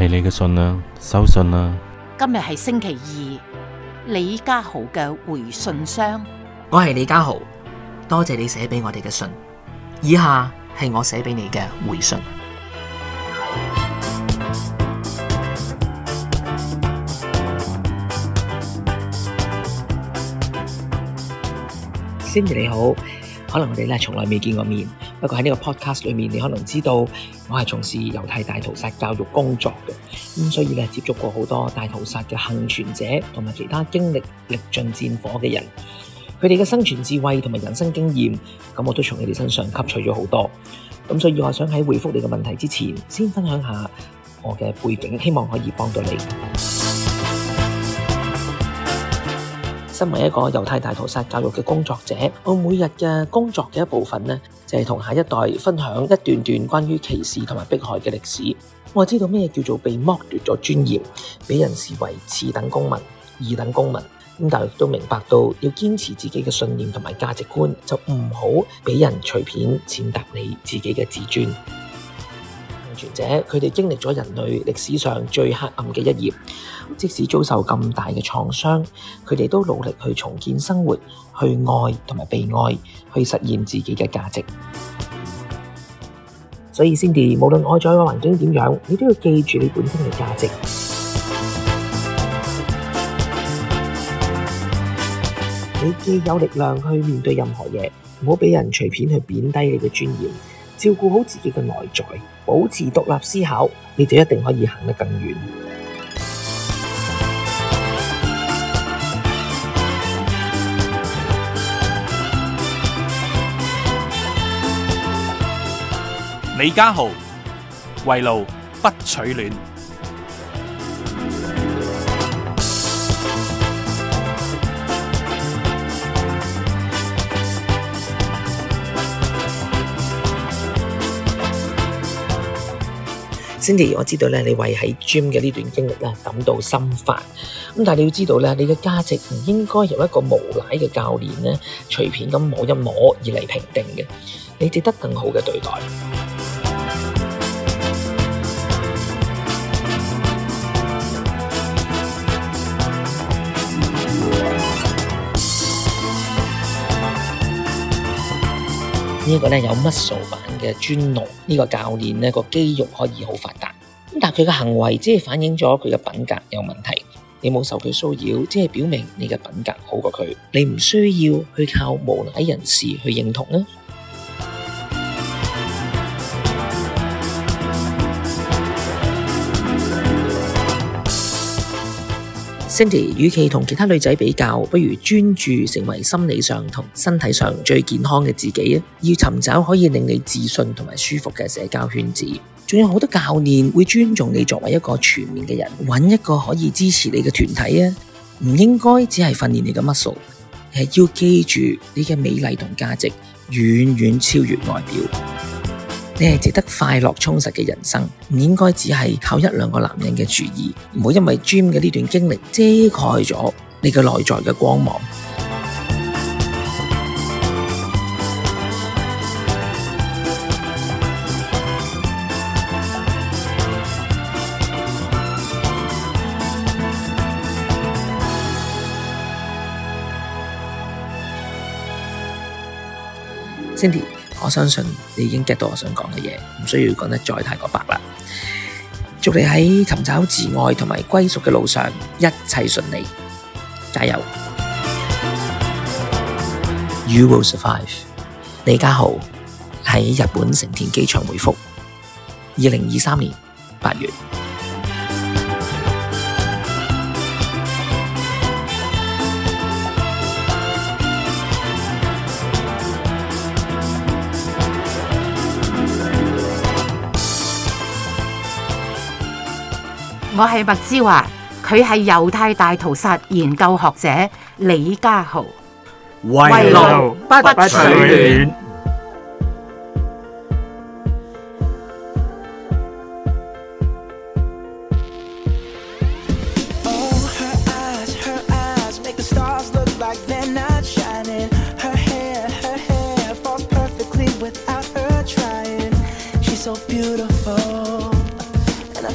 係你嘅信啦，收信啦。今日係星期二，李家豪嘅回信箱。我係李家豪，多謝你寫俾我哋嘅信。以下係我寫俾你嘅回信。Cindy 你好，可能我哋呢從來未見過面。不過喺呢個 podcast 裏面，你可能知道我係從事猶太大屠殺教育工作嘅，咁所以咧接觸過好多大屠殺嘅幸存者同埋其他經歷歷盡戰火嘅人，佢哋嘅生存智慧同埋人生經驗，咁我都從佢哋身上吸取咗好多。咁所以我想喺回覆你嘅問題之前，先分享下我嘅背景，希望可以幫到你。身為一個猶太大屠殺教育嘅工作者，我每日嘅工作嘅一部分呢就係同下一代分享一段段關於歧視同埋迫害嘅歷史，我知道咩叫做被剝奪咗尊嚴，俾人視為次等公民、二等公民。咁但係亦都明白到，要堅持自己嘅信念同埋價值觀，就唔好俾人隨便踐踏你自己嘅自尊。幸存者，佢哋經歷咗人類歷史上最黑暗嘅一頁。即使遭受咁大嘅創傷，佢哋都努力去重建生活，去愛同埋被愛，去實現自己嘅價值。所以，Cindy，無論外在嘅環境點樣，你都要記住你本身嘅價值。你係有力量去面對任何嘢，唔好俾人隨便去貶低你嘅尊嚴。照顧好自己嘅內在。保持獨立思考，你就一定可以行得更遠。李家豪，為路不取暖。先啲，Cindy，我知道咧，你為喺 Gym 嘅呢段經歷咧感到心煩。咁但係你要知道咧，你嘅價值唔應該由一個無賴嘅教練咧，隨便咁摸一摸而嚟評定嘅，你值得更好嘅對待。呢個咧有 muscle 版嘅專奴？呢個教練呢個肌肉可以好發達，咁但係佢嘅行為即係反映咗佢嘅品格有問題。你冇受佢騷擾，即係表明你嘅品格好過佢。你唔需要去靠無賴人士去認同呢。與與其同其他女仔比較，不如專注成為心理上同身體上最健康嘅自己啊！要尋找可以令你自信同埋舒服嘅社交圈子，仲有好多教練會尊重你作為一個全面嘅人，揾一個可以支持你嘅團體啊！唔應該只係訓練你嘅 muscle，係要記住你嘅美麗同價值遠遠超越外表。你係值得快樂充實嘅人生，唔應該只係靠一兩個男人嘅注意，唔好因為 Jame 嘅呢段經歷遮蓋咗你嘅內在嘅光芒。Cindy。我相信你已經 get 到我想講嘅嘢，唔需要講得再太多白啦。祝你喺尋找自愛同埋歸屬嘅路上一切順利，加油！You will survive。李家豪喺日本成田機場回覆，二零二三年八月。我係麥之華，佢係猶太大屠殺研究學者李家豪，為路不，不取亂。